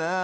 على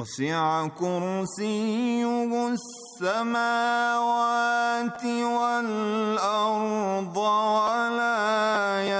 وسع كرسيه السماوات والأرض ولا يموت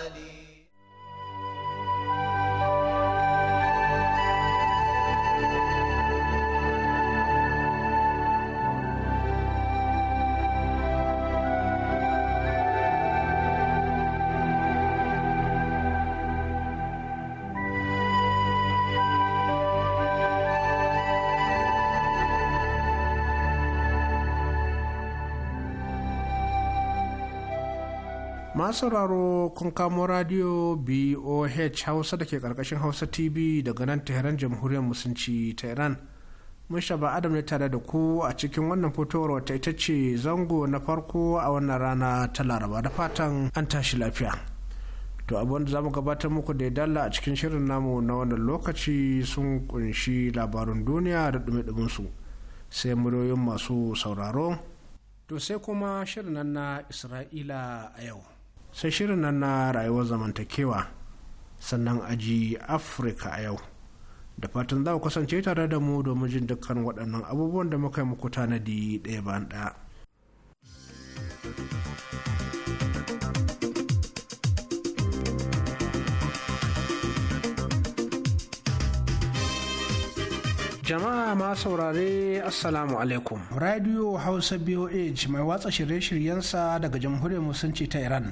masu sauraro kun kamo radio boh hausa da ke karkashin hausa tv daga nan tehran jamhuriyar musulunci ta iran mun shaba adam ne tare da ku a cikin wannan fitowar wata ita ce zango na farko a wannan rana ta laraba da fatan an tashi lafiya to abin da za mu gabatar muku da dalla a cikin shirin namu na wannan lokaci sun kunshi labarun duniya da dumi su sai muryoyin masu sauraro To sai kuma shirin na Isra'ila a yau. sai shirin nan na rayuwar zamantakewa sannan aji afirka a yau da fatan za ku kasance tare da mu domin jin dukkan waɗannan abubuwan da muka yi muku tanadi ɗaya bayan ɗaya. jama'a ma saurare assalamu alaikum radio hausa boh mai watsa shirye-shiryensa daga jamhuriyar musulunci ta iran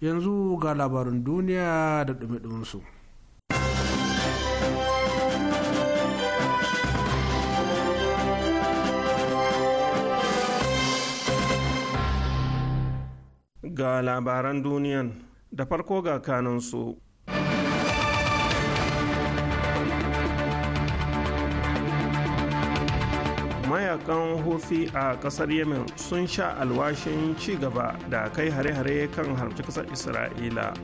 yanzu ga labarin duniya da ɗume su. ga labaran duniyan da farko ga kanansu mayakan hofi a kasar yemen sun sha alwashin ci gaba da kai hare-hare kan harci kasar isra'ila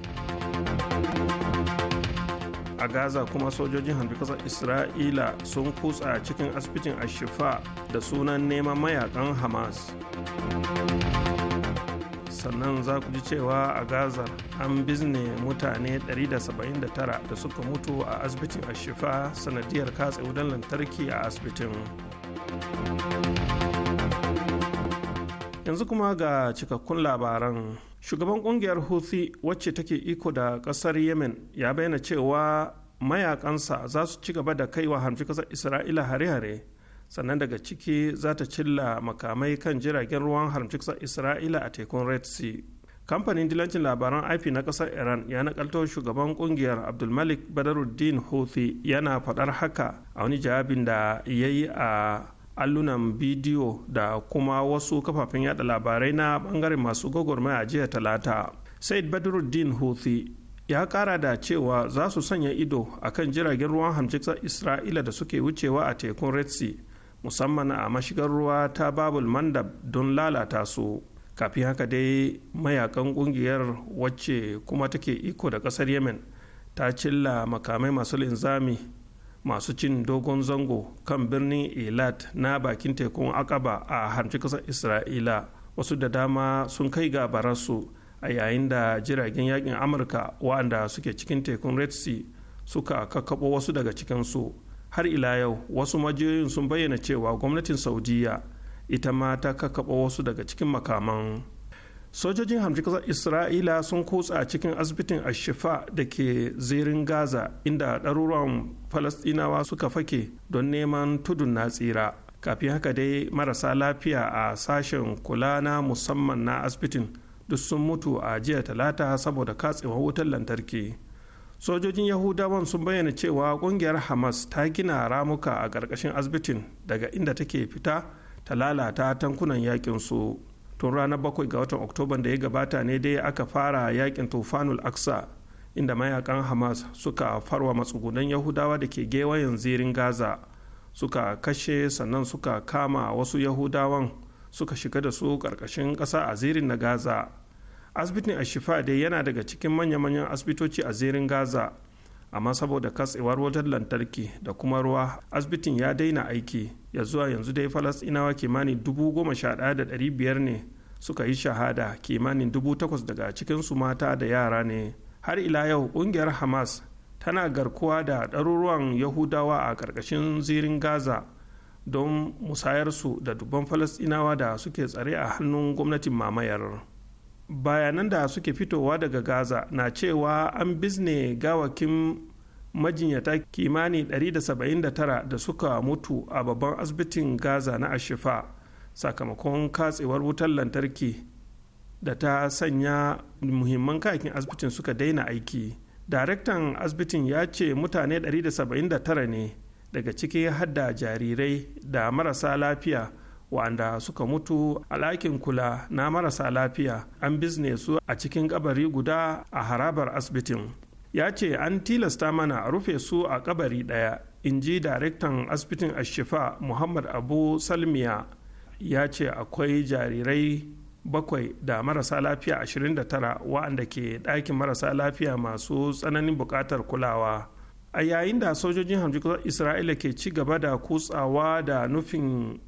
a gaza kuma sojojin harbi kasar isra'ila sun kutsa cikin asibitin ashifa da sunan neman mayakan hamas sannan za ku ji cewa a gaza an bizne mutane 179 da suka mutu a asibitin ashifa sanadiyar katse wudan lantarki a asibitin yanzu kuma ga cikakkun labaran shugaban kungiyar houthi wacce take iko da kasar yemen ya bayyana cewa mayakansa za su ci gaba da kaiwa hamshi kasar isra'ila hare-hare sannan daga ciki za ta cilla makamai kan jiragen ruwan haramci kasar isra'ila a tekun red sea kamfanin dilancin labaran ip na kasar iran ya nakalto shugaban kungiyar abdulmalik badaruddin houthi yana fadar haka a wani jawabin da ya yi a allunan bidiyo da kuma wasu kafafen yada labarai na bangaren masu gwagwarmaya a jiya talata said badaruddin houthi ya kara da cewa za su sanya ido a kan jiragen ruwan hamshiksar isra'ila da suke wucewa a tekun red sea musamman a mashigar ruwa ta babul mandab don lalata su kafin haka dai mayakan kungiyar wacce kuma take iko da kasar yemen ta cilla makamai masu linzami masu cin dogon zango kan birnin elat na bakin tekun akaba a harci kasar isra'ila wasu da dama sun kai ga bararsu a yayin da jiragen yakin amurka waɗanda suke cikin tekun red sea suka kakkaɓo wasu daga cikinsu har ila yau wasu majiyoyin sun bayyana cewa gwamnatin saudiyya. ita ma ta kakkaɓa wasu daga cikin makaman sojojin hamjikasar isra'ila sun kutsa cikin asibitin ashifa da ke zirin gaza inda ɗaruruwan falastinawa suka fake don neman tudun na tsira kafin haka dai marasa lafiya a sashen kula na musamman na asibitin duk sun mutu a jiya talata saboda katsewar wutar lantarki sojojin yahudawan sun bayyana cewa kungiyar hamas ta gina ramuka a ƙarƙashin asibitin daga inda take fita ta lalata tankunan yakin su tun ranar bakwai ga watan oktoban da ya gabata ne dai aka fara yakin tufanul aksa inda mayakan hamas suka farwa matsugunan yahudawa da ke gewayen zirin gaza suka kashe sannan suka kama wasu yahudawan suka shiga da su karkashin kasa a zirin na gaza asibitin ashifa dai yana daga cikin manya-manyan asibitoci a zirin gaza amma saboda katsewar wutar lantarki da kuma ruwa asibitin ya daina aiki ya zuwa yanzu dai falasɗinawa kimanin dubu goma sha ɗaya da ɗari biyar ne suka yi shahada kimanin dubu takwas daga cikinsu mata da yara ne har ila yau ƙungiyar hamas tana garkuwa da ɗaruruwan yahudawa a ƙarƙashin zirin gaza don musayarsu da dubban falasɗinawa da suke tsare a hannun gwamnatin mamayar. bayanan da suke fitowa daga gaza na cewa an bizne gawakin majinyata kimani 179 da suka mutu a babban asibitin gaza na ashifa sakamakon katsewar wutar lantarki da ta sanya muhimman kayakin asibitin suka daina aiki daraktan asibitin ya ce mutane 179 ne daga cikin hadda jarirai da marasa lafiya wa'anda suka mutu a kula na marasa lafiya an bizne su a cikin kabari guda a harabar asibitin ya ce an tilasta mana a rufe su a kabari ɗaya in ji daraktan asibitin ashifa muhammad abu salmiya ya ce akwai jarirai bakwai da marasa lafiya 29 wa'anda ke ɗakin marasa lafiya masu tsananin buƙatar kulawa a yayin da sojojin hamjikar isra'ila ke ci gaba da kutsawa da nufin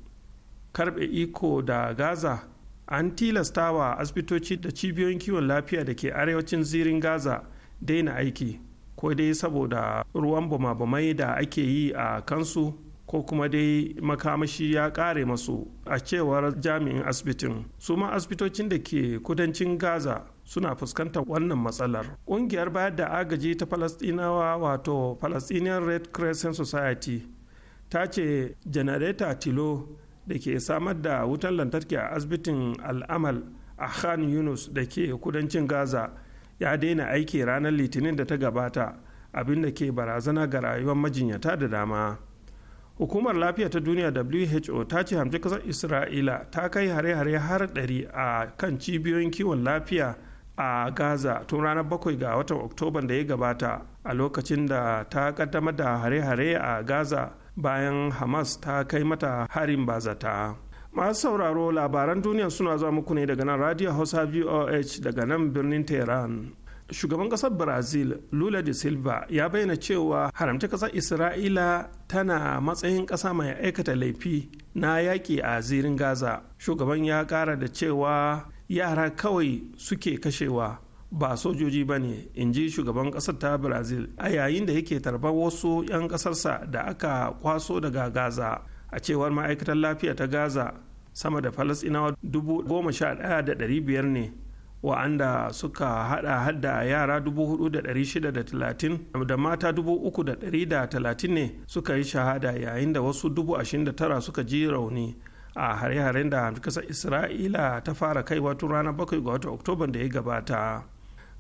karbe iko da gaza an tilasta wa asibitoci da cibiyoyin kiwon lafiya da ke arewacin zirin gaza daina aiki ko dai saboda ruwan bama da ake yi a kansu ko kuma dai makamashi ya kare masu a cewar jami'in asibitin su ma asibitocin da ke kudancin gaza suna fuskantar wannan matsalar ƙungiyar bayar da agaji ta falastinawa wato palestinian red crescent society ta ce janareta tilo da ke samar da wutar lantarki a asibitin al'amal a khan yunus da ke kudancin gaza ya daina aiki ranar litinin da ta gabata abinda ke barazana ga rayuwar majinyata da dama hukumar lafiya ta duniya who ta ce hamji kasar isra'ila ta kai hare-hare har ɗari a kan cibiyoyin kiwon lafiya a gaza tun ranar bakwai ga watan oktoban da ya gabata a lokacin da ta kaddamar da hare-hare a gaza bayan hamas ta kai mata harin bazata masu sauraro labaran duniya suna zuwa muku ne daga nan radio hausa voh daga nan birnin tehran shugaban kasar brazil lula de silva ya bayyana cewa haramta kasar isra'ila tana matsayin kasa mai aikata laifi na yaƙi a zirin gaza shugaban ya kara da cewa yara kawai suke kashewa ba sojoji ba ne in ji shugaban ƙasar ta brazil a yayin da yake tarbar wasu 'yan ƙasarsa da aka kwaso daga gaza a cewar ma'aikatar lafiya ta gaza sama da falasinawa biyar ne wa'anda suka hada hadda yara 4,630 da mata 3,030 ne suka yi shahada yayin da wasu 29,000 suka ji rauni a hare-haren da kasar isra'ila ta fara kaiwa tun ranar 7 ga watan oktoba da ya gabata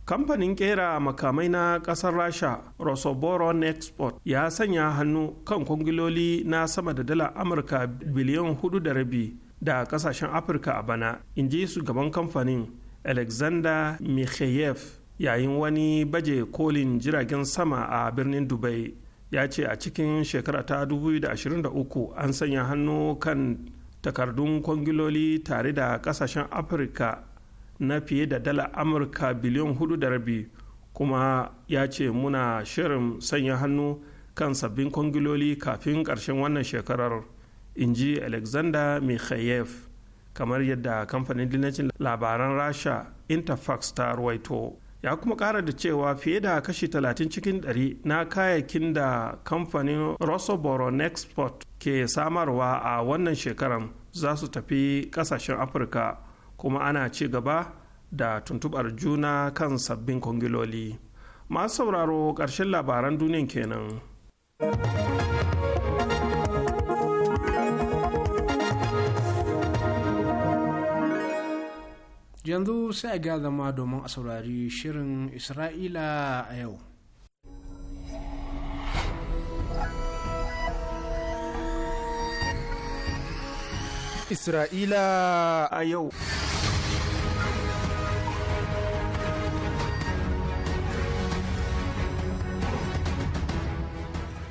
kamfanin kera makamai na kasar rasha rosoboron export ya sanya hannu kan kwangiloli na sama da dala amurka biliyan hudu da rabi da kasashen afirka a bana in ji su gaban kamfanin alexander mikhayev yayin wani baje kolin jiragen sama a birnin dubai ya ce a cikin shekara ta 2023 an sanya hannu kan takardun kwangiloli tare da kasashen afirka na fiye da dala amurka biliyan hudu da rabi kuma ya ce muna shirin sanya hannu kan sabbin kwangiloli kafin ƙarshen wannan shekarar in ji alexander mikhayev kamar yadda kamfanin dinacin labaran rasha interfax ta ruwaito ya kuma ƙara da cewa fiye da kashi 30 cikin 100 na kayayyakin da kamfanin rosoboron export ke samarwa a wannan shekarar za su tafi ƙasashen afirka kuma ana ci gaba da tuntubar juna kan sabbin kwangiloli masu sauraro ƙarshen labaran duniya kenan. yanzu sai a ga zama domin a saurari shirin isra'ila a yau Isra'ila a yau.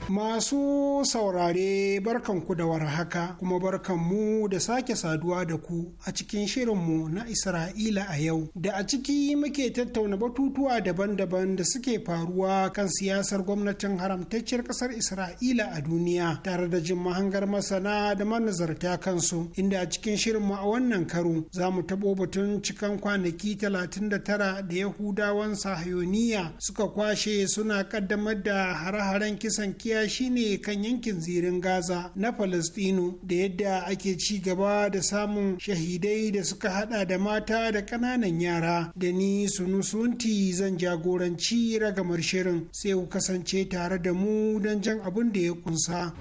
Masu saurare barkanku da warhaka kuma barkanmu da sake saduwa da ku a cikin shirin mu na Isra'ila a yau da a ciki muke tattauna batutuwa daban-daban da suke faruwa kan siyasar gwamnatin haramtacciyar ƙasar Isra'ila a duniya tare da jin mahangar masana da manazarta kansu inda a cikin shirinmu a wannan karo za mu taɓo batun cikan kwanaki 39 da Yahudawan Sahayoniya suka kwashe suna ƙaddamar da hare-haren kisan kiya tsakiya shine kan yankin zirin gaza na falastinu da yadda ake ci gaba da samun shahidai da suka hada da mata da kananan yara da ni sunusunti zan jagoranci ragamar shirin sai ku kasance tare da mu don jan abin da ya kunsa.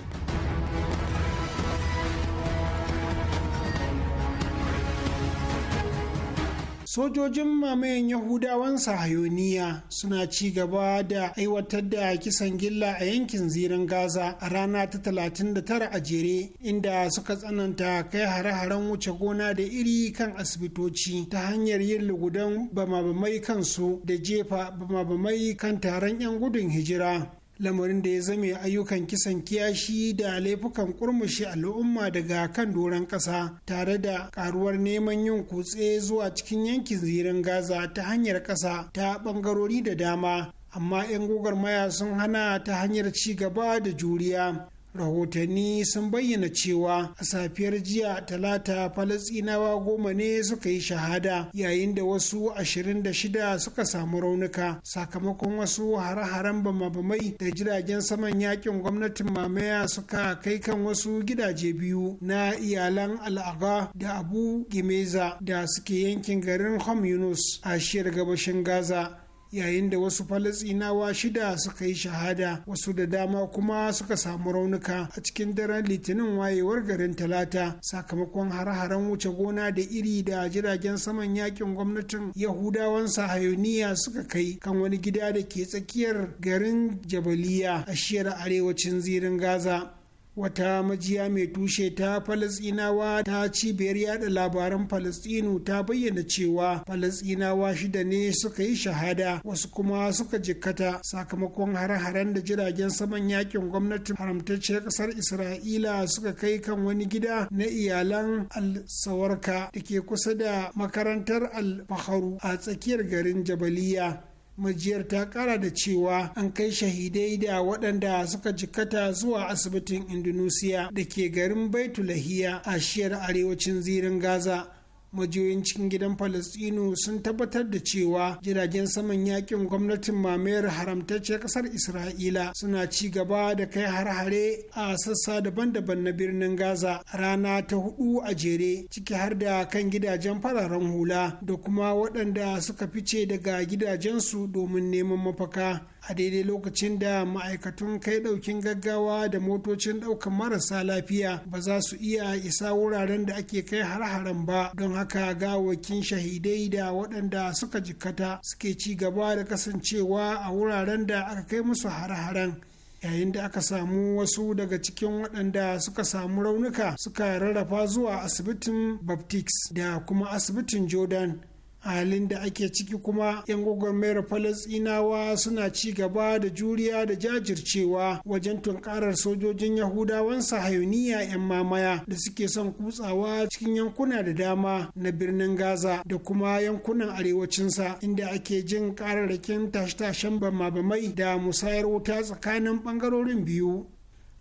sojojin mamayen yahudawan sahayoniya suna ci gaba da aiwatar da kisan gilla a yankin zirin gaza a rana ta 39 a jere inda suka tsananta kai hare-haren wuce gona da iri kan asibitoci ta hanyar yin lugudan bama-bamai kansu da jefa bama-bamai kan taron 'yan gudun hijira lamarin da ya zame ayyukan kisan kiyashi da laifukan kurmushi al'umma daga kan doron kasa tare da karuwar neman yin kutse zuwa cikin yankin zirin gaza ta hanyar kasa ta bangarori da dama amma 'yan maya sun hana ta hanyar ci gaba da juriya rahotanni sun bayyana cewa a safiyar jiya talata falasinawa goma ne suka yi shahada yayin da wasu 26 suka samu raunuka sakamakon wasu hare-haren bama-bamai da jiragen saman yakin gwamnatin mamaya suka kai kan wasu gidaje biyu na iyalan al'aga da abu gimeza da suke yankin garin hom yunus a shiyar gabashin gaza yayin da wasu falasinawa shida suka yi shahada wasu da dama kuma suka samu raunuka a cikin daren litinin wayewar garin talata sakamakon har-haren wuce gona da iri da jiragen saman yakin gwamnatin yahudawan sahayoniya suka kai kan wani gida da ke tsakiyar garin jabaliya a shiyar arewacin zirin gaza wata majiya mai tushe ta falasinawa ta cibiyar yada labaran falasinu ta bayyana cewa falasinawa shida ne suka yi shahada wasu kuma suka jikkata sakamakon har haren da jiragen saman yakin gwamnatin haramtacciyar kasar isra'ila suka kai kan wani gida na iyalan al-sawarka da ke kusa da makarantar al-faharu a tsakiyar garin jabaliya majiyar ta kara da cewa an kai shahidai da waɗanda suka jikkata zuwa asibitin indonesia da ke garin baitulahiya a shiyar arewacin zirin gaza majiyoyin cikin gidan Falasɗinu sun tabbatar da cewa jiragen saman yakin gwamnatin mamayar haramtacce ƙasar isra'ila suna ci gaba da kai har-hare a sassa daban-daban na birnin gaza rana ta hudu a jere ciki har da kan gidajen fararen hula da kuma waɗanda suka fice daga gidajensu domin neman mafaka a daidai lokacin da ma'aikatun kai daukin gaggawa da motocin daukan marasa lafiya ba za su iya isa wuraren da ake kai har-haren ba don haka gawakin shahidai da waɗanda suka jikkata suke ci gaba da kasancewa a wuraren da aka kai musu har-haren yayin da aka samu wasu daga cikin waɗanda suka samu raunuka suka rarrafa zuwa asibitin baptist da kuma asibitin jordan a halin da ake ciki kuma 'yan gwagwarmayar falasinawa suna ci gaba da juriya da jajircewa wajen tunkarar sojojin yahudawan sahayuniya 'yan mamaya da suke son kutsawa cikin yankuna da dama na birnin gaza da kuma yankunan arewacinsa inda ake jin kararrakin tashe-tashen bama-bamai da musayar wuta tsakanin bangarorin biyu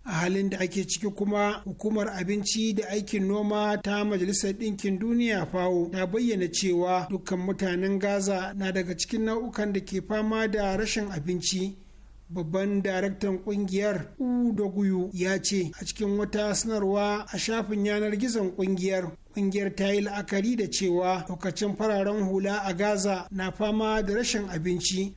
a halin da ake ciki kuma hukumar abinci da aikin noma ta majalisar ɗinkin duniya fawo ta bayyana cewa dukkan mutanen gaza na daga cikin nau'ukan da ke fama da rashin abinci babban daraktan kungiyar udoguyu ya ce a cikin wata sanarwa a shafin yanar gizon kungiyar kungiyar ta yi la'akari da cewa lokacin fararen hula a gaza na fama da rashin abinci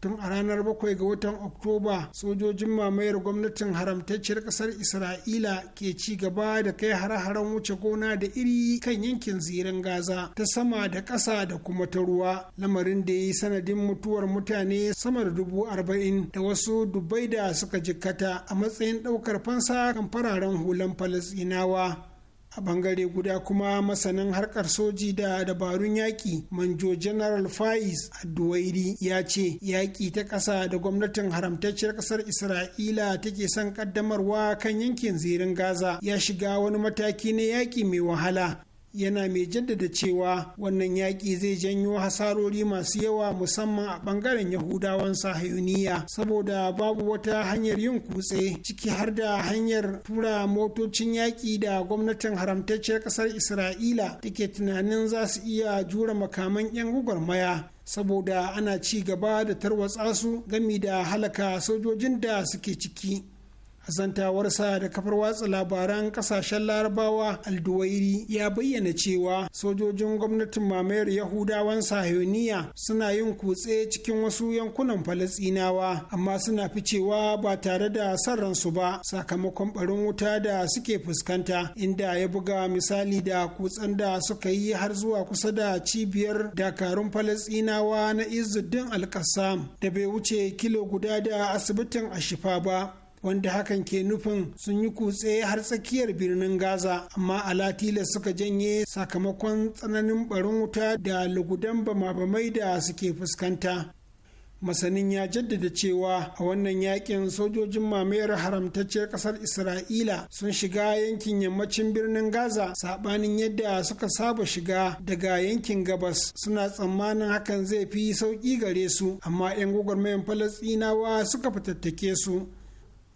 tun a ranar bakwai ga watan oktoba sojojin mamayar gwamnatin haramtacciyar kasar isra'ila ke ci gaba da kai har haren wuce gona da iri kan yankin zirin gaza ta sama da ƙasa da kuma ta ruwa lamarin da ya yi sanadin mutuwar mutane sama da dubu arba'in da wasu dubai da suka jikkata a matsayin ɗaukar fansa kan fararen hulan Falasinawa. a bangare guda kuma masanin harkar soji da dabarun yaƙi manjo general faiz adduwairi ya ce yaƙi ta ƙasa da gwamnatin haramtacciyar ƙasar isra'ila take son ƙaddamarwa kan yankin zirin gaza ya shiga wani mataki na yaƙi mai wahala yana mai jaddada cewa wannan yaƙi zai janyo hasarori masu yawa musamman a ɓangaren yahudawan sahayuniya saboda babu wata hanyar yin kutse ciki har da hanyar tura motocin yaƙi da gwamnatin haramtacciyar ƙasar isra'ila take tunanin za su iya jura makaman 'yan gwagwarmaya saboda ana ci gaba da tarwatsa su gami da halaka sojojin da suke ciki sa da kafar watsa labaran kasashen larabawa alduwairi ya bayyana cewa sojojin gwamnatin mamayar yahudawan sahiyoniya suna yin kutse cikin wasu yankunan falasinawa amma suna ficewa ba tare da san ransu ba sakamakon barin wuta da suke fuskanta inda ya buga misali da kutsen da suka yi har zuwa kusa da cibiyar dakarun falasinawa na izuddin alkassam da bai wuce kilo guda da asibitin ashifa ba wanda hakan ke nufin sun yi kutse har tsakiyar birnin gaza amma alatila suka janye sakamakon tsananin barin wuta da lugudan bama-bamai da suke fuskanta masanin ya jaddada cewa a wannan yakin sojojin mamayar haramtacciyar kasar isra'ila sun shiga yankin yammacin birnin gaza sabanin yadda suka saba shiga daga yankin gabas suna tsammanin hakan zai fi sauƙi gare su amma 'yan gwagwarmayan falasinawa suka fitattake su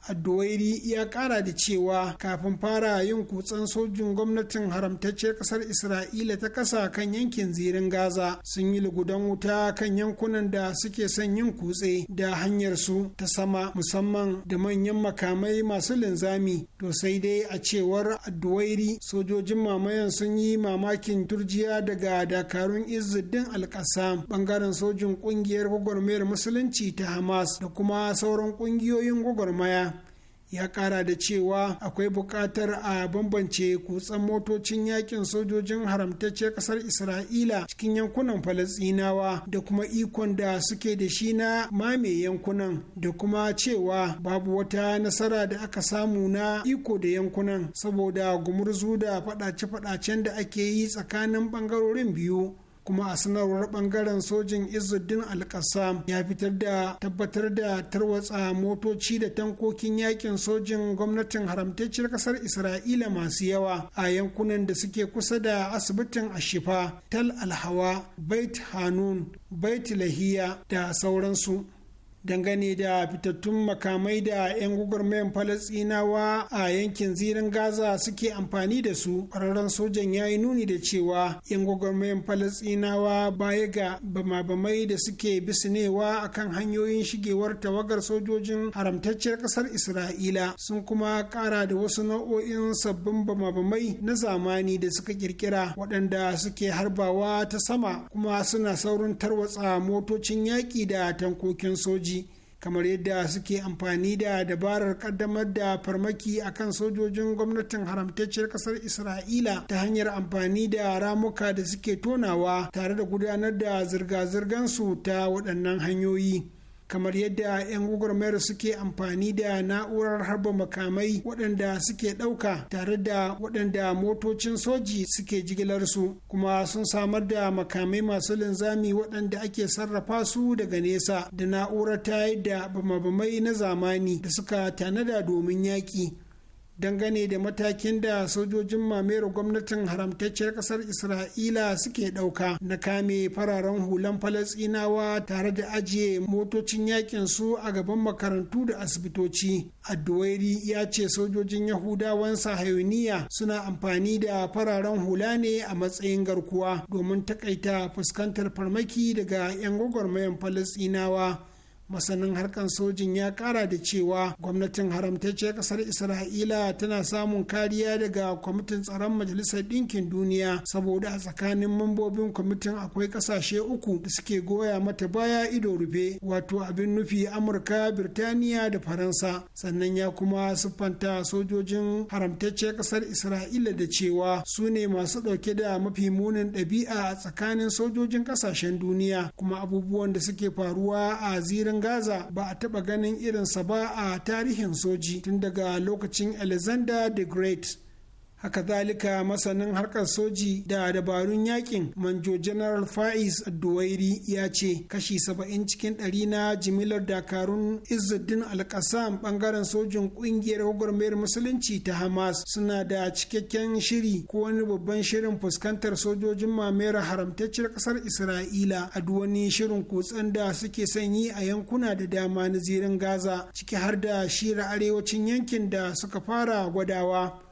addu'airi ya kara da cewa kafin fara yin kutsen sojin gwamnatin haramtacce kasar isra'ila ta kasa kan yankin zirin gaza sun yi lugudan wuta kan yankunan da suke son yin kutse da hanyar su ta sama musamman da manyan makamai masu linzami to sai dai a cewar addu'airi sojojin mamayan sun yi mamakin turjiya daga dakarun izzuddin alkasam bangaren sojin kungiyar gwagwarmayar musulunci ta hamas da kuma sauran kungiyoyin gwagwarmaya ya kara da cewa akwai buƙatar a bambance kutsan motocin yakin sojojin haramtacce ƙasar isra'ila cikin yankunan falasɗinawa da kuma ikon da suke da shi na mame yankunan da kuma cewa babu wata nasara da aka samu na iko da yankunan saboda gumurzu da faɗace-faɗacen da ake yi tsakanin ɓangarorin biyu kuma a sanarwar bangaren sojin izuddin alkasa ya fitar da tabbatar da tarwatsa motoci da tankokin yakin sojin gwamnatin haramtacciyar kasar isra'ila masu yawa a yankunan da suke kusa da asibitin ashifa tal alhawa bait hanun bait lahiya da sauransu dangane da fitattun makamai da 'yan gwagwarmayan falasinawa a yankin zirin gaza suke amfani da su ƙwararren sojan ya yi nuni da cewa 'yan gwagwarmayan falasinawa baya ga bamabamai da suke bisinewa kan hanyoyin shigewar tawagar sojojin haramtacciyar ƙasar isra'ila sun kuma ƙara da wasu nau'o'in sabbin bama na zamani da suka ƙirƙira waɗanda suke harbawa ta sama kuma suna saurin tarwatsa motocin yaƙi da tankokin soji kamar yadda suke amfani da dabarar kaddamar da farmaki a kan sojojin gwamnatin haramtacciyar kasar isra'ila ta hanyar amfani da ramuka da suke tonawa tare da gudanar da zirga-zirgansu ta waɗannan hanyoyi kamar yadda 'yan gwagwarmayar suke amfani da na'urar harba makamai waɗanda suke ɗauka tare da waɗanda motocin soji suke jigilarsu kuma sun samar da makamai masu linzami waɗanda ake sarrafa su daga nesa da na'urar ta da bama na zamani da suka tanada domin yaƙi dangane da matakin da sojojin mamero gwamnatin haramtacciyar kasar isra'ila suke ɗauka na kame fararen hulan falasinawa tare da ajiye motocin yakin su a gaban makarantu da asibitoci adduwairi ya ce sojojin yahudawan sahayuniya suna amfani da fararen hula ne a matsayin garkuwa domin takaita fuskantar farmaki daga 'yan gwagwarmayan falasinawa masanin harkan sojin ya kara da cewa gwamnatin haramtacce kasar isra'ila tana samun kariya daga kwamitin tsaron majalisar ɗinkin duniya saboda a tsakanin mambobin kwamitin akwai kasashe uku da suke goya mata baya ido rufe wato abin nufi amurka birtaniya da faransa sannan ya kuma siffanta sojojin haramtacce kasar isra'ila da cewa su ne masu ɗauke da mafi munin ɗabi'a a tsakanin sojojin kasashen duniya kuma abubuwan da suke faruwa a zirin gaza ba a taɓa ganin irinsa ba a tarihin soji tun daga lokacin alexander the great haka zalika masanin harkar soji da dabarun yakin manjo general faiz duwairi ya ce kashi saba'in cikin ɗari na jimilar dakarun izzuddin alkasam ɓangaren sojin ƙungiyar gwagwarmayar musulunci ta hamas suna da cikakken shiri ko wani babban shirin fuskantar sojojin mamera haramtacciyar ƙasar isra'ila a wani shirin kutsen da suke sanyi a yankuna da dama na zirin gaza ciki har da shira arewacin yankin da suka fara gwadawa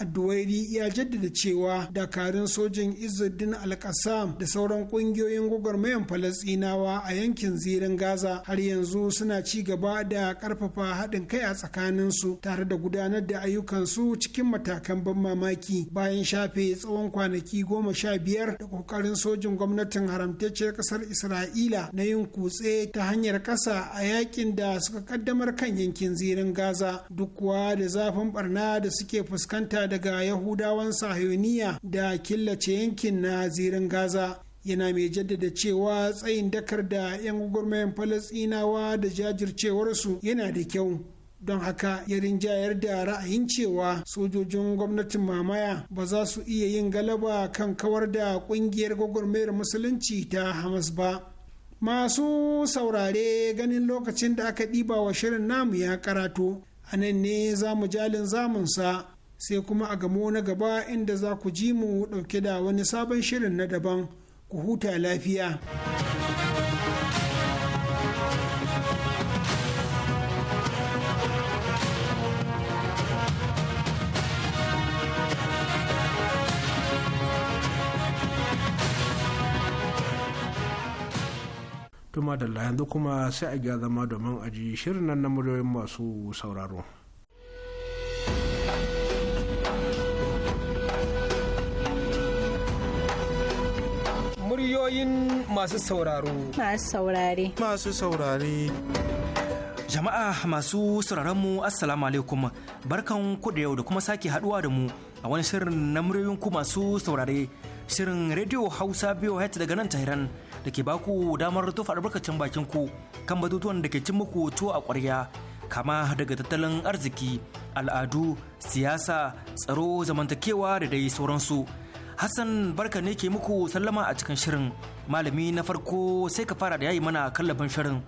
Adduwairi ya jaddada cewa dakarun sojin Izzuddin Al-Qassam da sauran kungiyoyin gwagwarmayan Falasɗinawa a yankin zirin Gaza har yanzu suna ci gaba da ƙarfafa haɗin kai a tsakaninsu tare da gudanar da ayyukansu cikin matakan ban mamaki bayan shafe tsawon kwanaki goma sha biyar da ƙoƙarin sojin gwamnatin haramtacciyar ƙasar Isra'ila na yin kutse ta hanyar ƙasa a yakin da suka ƙaddamar kan yankin zirin Gaza duk kuwa da zafin barna da suke fuskanta daga yahudawan sahiyoniya da killace yankin na zirin gaza yana mai jaddada cewa tsayin dakar da 'yan gwagwarmayan falasinawa da jajircewarsu yana da kyau don haka ya rinjayar da ra'ayin cewa sojojin gwamnatin mamaya ba za su iya yin galaba kan kawar da ƙungiyar gwagwarmayar musulunci ta hamas ba masu saurare ganin lokacin da aka ɗiba wa shirin namu ya karatu a nan ne zamu jalin zamunsa sai kuma a gamo na gaba inda za ku ji mu ɗauke da wani sabon shirin na daban ku huta lafiya. tuma da yanzu kuma sai a gya zama domin a ji shirin nan na muryoyin masu sauraro. muryoyin masu sauraro. Masu saurare. Masu saurare. Jama'a masu sauraron mu Assalamu alaikum barkan ku da yau da kuma sake haduwa da mu a wani shirin na muryoyin ku masu saurare shirin rediyo Hausa biyo het daga nan tahiran da ke baku damar tofa albarkacin bakin ku kan batutuwan da ke cin muku tuwo a kwarya kama daga tattalin arziki, al'adu, siyasa, tsaro, zamantakewa da dai sauransu. Hassan barka ne ke muku sallama a cikin shirin. Malami na farko sai ka fara da yayi mana kallabin shirin.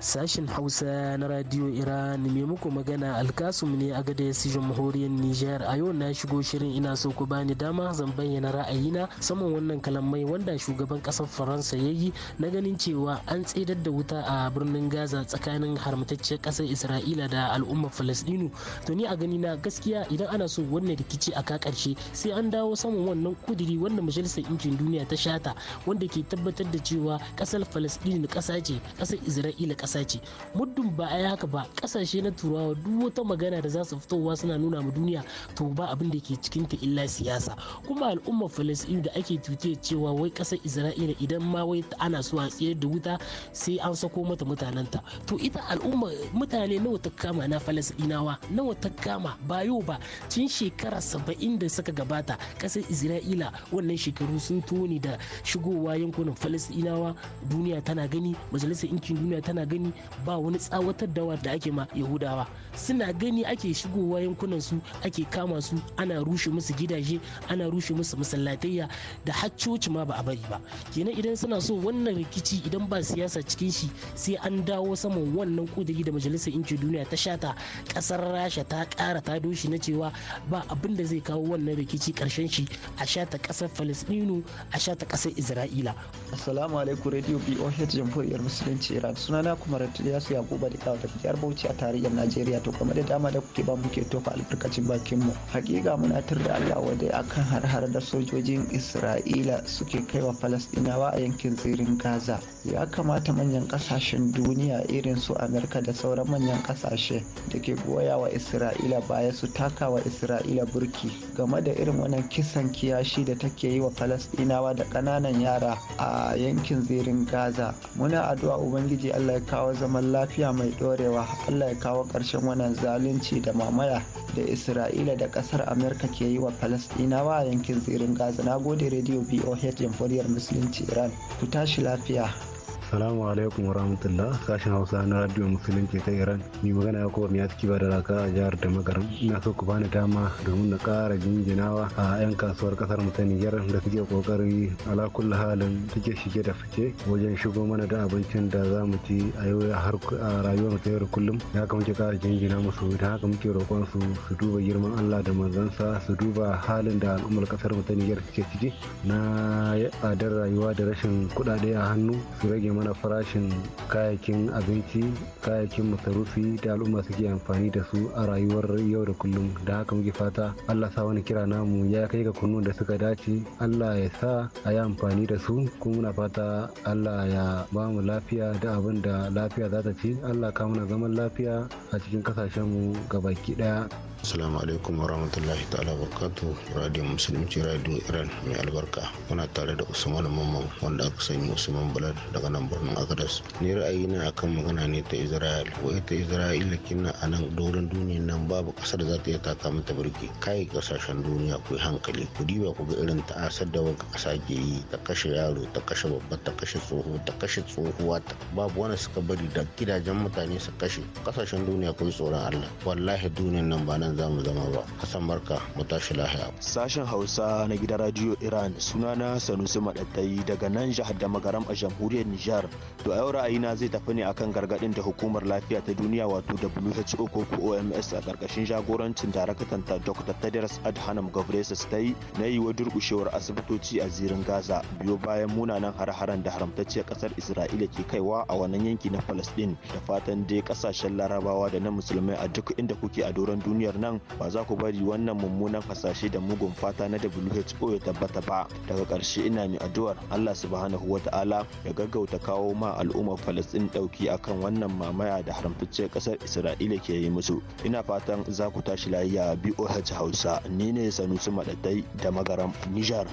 sashen hausa na radio iran mai muku magana alkasum ne a gada su jamhuriyar nijar a yau na shigo shirin ina so ku bani dama zan bayyana ra'ayina saman wannan kalamai wanda shugaban kasar faransa ya yi na ganin cewa an tsedar da wuta a birnin gaza tsakanin haramtacciyar kasar isra'ila da al'ummar falasdinu to ni a gani na gaskiya idan ana so wannan rikici a karshe sai an dawo saman wannan kudiri wanda majalisar ɗinkin duniya ta shata wanda ke tabbatar da cewa kasar falasdinu kasa ce kasar isra'ila kasa ce muddin ba a haka ba kasashe na turawa duk wata magana da za su fitowa suna nuna ma duniya to ba abin da ke cikin ta illa siyasa kuma al'ummar falasɗinu da ake tuke cewa wai kasar isra'ila idan ma wai ana so a tsayar da wuta sai an sako mata mutanen ta to ita al'umma mutane nawa ta kama na falasɗinawa nawa ta kama ba yau ba tun shekara saba'in da suka gabata kasar isra'ila wannan shekaru sun tone da shigowa yankunan falasɗinawa duniya tana gani majalisar ɗinkin duniya tana gani gani ba wani tsawatar da da ake ma yahudawa suna gani ake shigowa yankunan su ake kama su ana rushe musu gidaje ana rushe musu masallatayya da haccoci ma ba a bari ba kenan idan suna so wannan rikici idan ba siyasa cikin shi sai an dawo saman wannan kudiri da majalisar inci duniya ta shata kasar rasha ta kara ta doshi na cewa ba abin da zai kawo wannan rikici karshen shi a shata kasar falastinu a shata kasar isra'ila assalamu alaikum radio boh jamhuriyar musulunci iran sunana Ahmad Ilyasu Yakuba da ta jihar Bauchi a tarihin Najeriya to kamar da dama da kuke ba mu ke tofa albarkacin bakin mu. Hakika muna tar da Allah wadai akan har-har da sojojin Isra'ila suke kaiwa Falastinawa a yankin tsirin Gaza. Ya kamata manyan kasashen duniya irin su Amerika da sauran manyan kasashe da ke goya wa Isra'ila baya su taka wa Isra'ila burki game da irin wannan kisan kiyashi da take yi wa Falastinawa da kananan yara a yankin zirin Gaza. Muna addu'a Ubangiji Allah ya kawo zaman lafiya mai ɗorewa allah ya kawo ƙarshen wannan zalunci da mamaya da isra'ila da ƙasar amurka ke yi wa falastinawa a yankin zirin gaza na gode rediyo boh jamhuriyar musulunci iran ku tashi lafiya Assalamu alaikum wa rahmatullah sashen Hausa na Radio Musulunci ta Iran. Ni magana ya kowa ya ciki ba da raka a jihar da magaram. Ina so ku bani dama domin na kara jinjinawa a 'yan kasuwar kasar mu ta niger da suke kokari ala kulli halin take shige da fice wajen shigo mana da abincin da za mu ci a yau har a rayuwar ta yau kullum. Ya kamata kara jinjina musu da haka muke roƙon su su duba girman Allah da manzansa su duba halin da al'ummar kasar mu ta niger suke ciki na tsadar rayuwa da rashin kuɗaɗe a hannu su rage mana farashin kayayyakin abinci kayayyakin masarufi da al'umma suke amfani da su a rayuwar yau da kullum da haka muke fata allah sa wani kira namu ya kai ga kunnuwan da suka dace allah ya sa a yi amfani da su kuma muna fata allah ya ba mu lafiya da abin da lafiya za ta ci allah ka muna zaman lafiya a cikin kasashen mu gabaki daya Assalamu alaikum wa rahmatullahi ta'ala barkatu Radio Musulunci Radio Iran mai albarka muna tare da Usman Mamman wanda aka sanya Usman bulan daga nan birnin agadas ni na akan magana ne ta israel ko ita israel kina a nan doron duniyan nan babu kasar za ta iya taka mata birki kai kasashen duniya ku hankali ku diba ku ga irin ta'asar da wata kasa ke yi ta kashe yaro ta kashe babba ta kashe tsoho ta kashe tsohuwa babu wani suka bari da gidajen mutane su kashe kasashen duniya yi tsoron allah wallahi duniyan nan ba nan zamu zama ba kasan barka mu tashi lahiya sashen hausa na gidan radio iran sunana sanusi madatai daga nan jihar da magaram a jamhuriyar nijar kasar to a yau ra'ayina zai tafi ne akan gargadin da hukumar lafiya ta duniya wato WHO ko OMS a karkashin jagorancin darakatan ta Dr. Tedros Adhanom Ghebreyesus ta yi na yi wa durkushewar asibitoci a zirin Gaza biyo bayan munanan har-haren da haramtacciyar kasar Isra'ila ke kaiwa a wannan yanki na Palestine da fatan dai kasashen Larabawa da na musulmai a duk inda kuke a doron duniyar nan ba za ku bari wannan mummunan hasashe da mugun fata na WHO ya tabbata ba daga ƙarshe ina mai addu'ar Allah subhanahu wata'ala ya gaggauta kawo ma al'ummar falastin ɗauki akan wannan mamaya da haramtacce ƙasar Isra'ila ke yi musu. Ina fatan za ku tashi layiya BOH Hausa ni ne Sanusi da Magaram Nijar.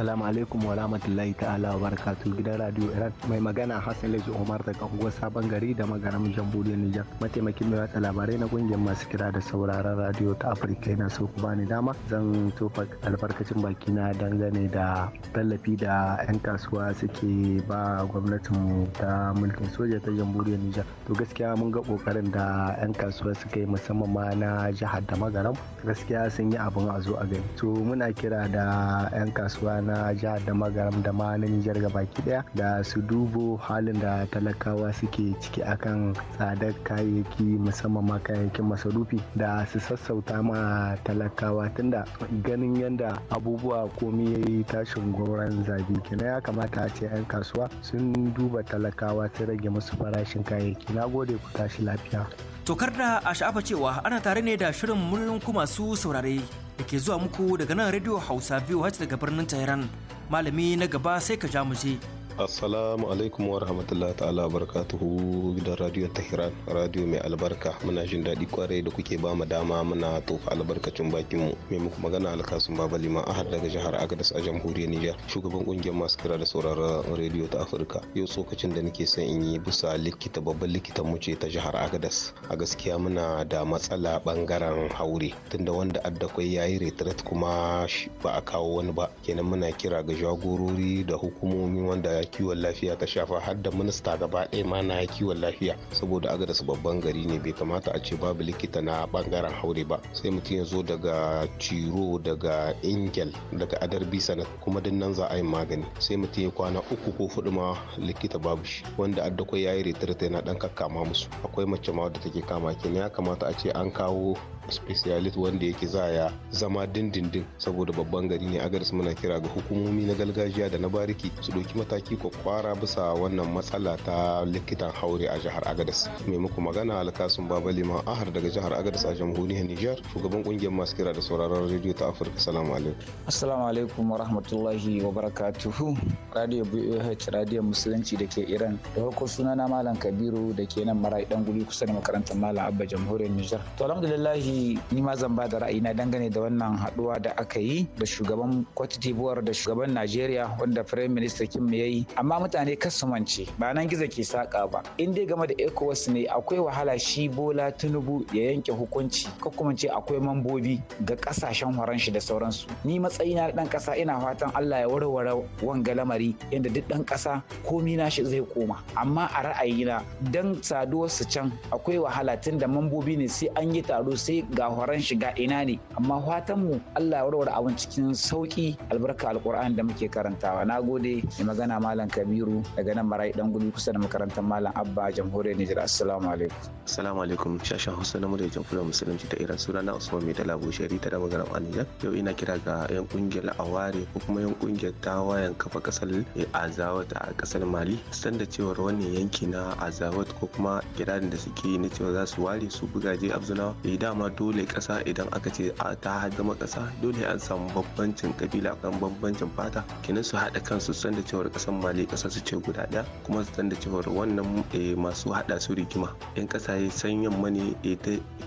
Salamu alaikum wa rahmatullahi ta'ala wa barakatu gidan radio Iran mai magana Hassan Laji umar daga unguwar Sabon Gari da Magaram Jamhuriyar Nijar mataimakin mai watsa labarai na kungiyar masu kira da sauraron radio ta Afirka yana so ku bani dama zan tofa albarkacin baki na dangane da tallafi da 'yan kasuwa suke ba gwamnatin ta mulkin soja ta jamhuriyar Nijar. To gaskiya mun ga kokarin da 'yan kasuwa suka yi musamman ma na jihar da magaram gaskiya sun yi abin a zo a gani. To muna kira da 'yan kasuwa na jihar da magaram da ma na Nijar ga baki daya da su dubo halin da talakawa suke ciki akan tsadar kayayyaki musamman ma kayayyakin masarufi da su sassauta ma talakawa tunda ganin yadda abubuwa komi ya tashin gwauran zabi kenan ya kamata a ce 'yan kasuwa sun duba duba talakawa ta rage musu farashin kayayyaki na gode ku tashi lafiya tokar da a sha'afa cewa ana tare ne da shirin murnin ku masu saurare da ke zuwa muku daga nan radio hausa biyu hajji daga birnin tehran malami na gaba sai ka ja mu je Assalamu alaikum wa rahmatullahi ta'ala barakatuhu gidan Radio Tehran, radio mai albarka. Muna jin daɗi kwarai da kuke ba mu dama muna tofa albarkacin bakin mu. Mai muku magana alkasun Baba Lima Ahad daga jihar Agadas a jamhuriyar Nijar, shugaban ƙungiyar masu kira da sauraron radio ta Afirka. Yau tsokacin da nake son in yi bisa likita babban likitan mu ce ta jihar Agadas. A gaskiya muna da matsala bangaren haure, tunda wanda Adda addakwai yi retret kuma ba a kawo wani ba. Kenan muna kira ga jagorori da hukumomi wanda kiwon lafiya ta shafa har da minista gaba ɗaya ma na kiwon lafiya saboda su babban gari ne bai kamata a ce babu likita na bangaren haure ba sai mutum ya zo daga ciro daga ingel daga adar na kuma din nan za a yi magani sai mutum ya kwana uku ko hudu ma likita babu shi wanda addakwai ya yi retirta yana dan kakkama musu akwai mace ma wadda take kama kenan ya kamata a ce an kawo specialist wanda yake za ya zama dindindin saboda babban gari ne agadas muna kira ga hukumomi na gargajiya da na bariki su ɗauki mataki mataki kwara bisa wannan matsala ta likitan haure a jihar Agadas. Mai muku magana alkasun Baba Liman Ahar daga jihar Agadas a jamhuriyar Nijar, shugaban kungiyar masu kira da sauraron rediyo ta Afirka. salamu alaikum. Assalamu alaikum wa rahmatullahi wa barakatuhu. Radio BOH Radio Musulunci da ke Iran. Da farko suna na Malam Kabiru da ke nan marayi dan guri kusa da makarantar Malam Abba jamhuriyar Nijar. To alhamdulillahi ni ma zan ba da ra'ayi na dangane da wannan haduwa da aka yi da shugaban Cote da shugaban Najeriya wanda Prime Minister Kim ya yi amma mutane kasumance ba nan gizo ke saka ba in dai game da ecowas ne akwai wahala shi bola tinubu ya yanke hukunci ko kuma ce akwai mambobi ga kasashen horon shi da sauransu ni matsayi na dan kasa ina fatan allah ya warware wanga lamari inda duk dan kasa komi na shi zai koma amma a ra'ayina dan saduwar su can akwai wahala tun da mambobi ne sai an yi taro sai ga horon ga ina ne amma fatan mu allah ya warware abin cikin sauki albarka alkur'ani da muke karantawa na gode magana ma Malam Kabiru daga nan marayi dan gudu kusa da makarantar Malam Abba Jamhuriyar Nijar. Assalamu alaikum. Assalamu alaikum. Hausa na Muryar Jamhuriyar Musulunci ta Iran sunana Usman Mai Dala Bushari ta daga garin Anijar. Yau ina kira ga yan kungiyar Aware ko kuma yan kungiyar tawayan kafa kasar Azawat a kasar Mali. San da cewar wannan yanki na Azawat ko kuma kirarin da suke na cewa za su ware su bugaje Abzunawa. Eh dama dole kasa idan aka ce a ta zama kasa dole an samu bambancin kabila kan bambancin fata. Kinan su haɗa kansu sanda da cewar kasar mali kasa su ce guda ɗaya kuma su san da cewar wannan eh, masu haɗa su rigima yan ya san yamma ne eh,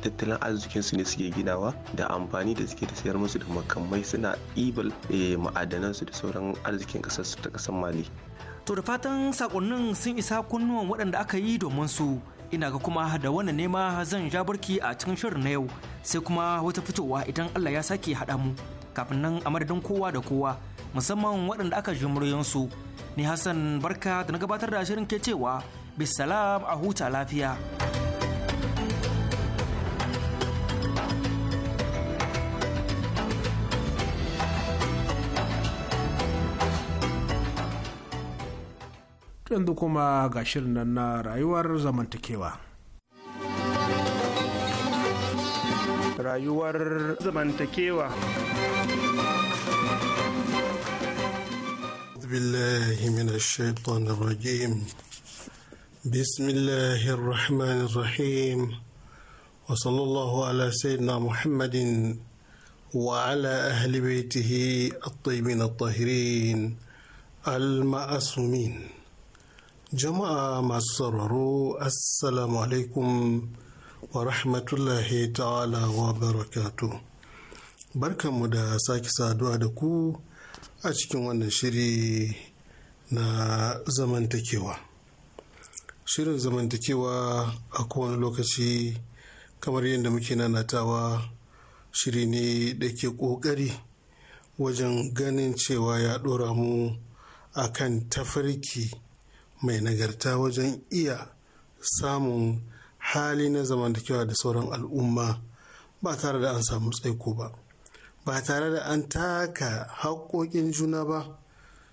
tattalin arzikin su ne suke ginawa da amfani da suke da sayar musu da makamai suna ibal eh, ma'adanan su da sauran arzikin ƙasar su ta kasan mali to da fatan sakonnin sun isa kunnuwan waɗanda aka yi domin su ina ga kuma da wannan nema zan ja barki a cikin shirin na yau sai kuma wata fitowa idan Allah ya sake haɗa mu kafin nan a madadin kowa da kowa musamman waɗanda aka ji muryansu ni hassan barka da na gabatar da shirin ke cewa bisalam a huta lafiya yanzu kuma ga shirin nan na rayuwar zamantakewa rayuwar zamantakewa أعوذ بالله من الشيطان الرجيم بسم الله الرحمن الرحيم وصلى الله على سيدنا محمد وعلى أهل بيته الطيبين الطاهرين المعصومين جماعة مسرروا السلام عليكم ورحمة الله تعالى وبركاته بركة مدى ساكسة دعاء a cikin wannan shiri na zamantakewa shirin zamantakewa a kowane lokaci kamar yadda muke nanatawa shiri ne da ke ƙoƙari wajen ganin cewa ya ɗora mu a kan tafarki mai nagarta wajen iya samun hali na zamantakewa da sauran al'umma ba tare da an samu tsaiko ba ba tare da an taka haƙoƙin juna ba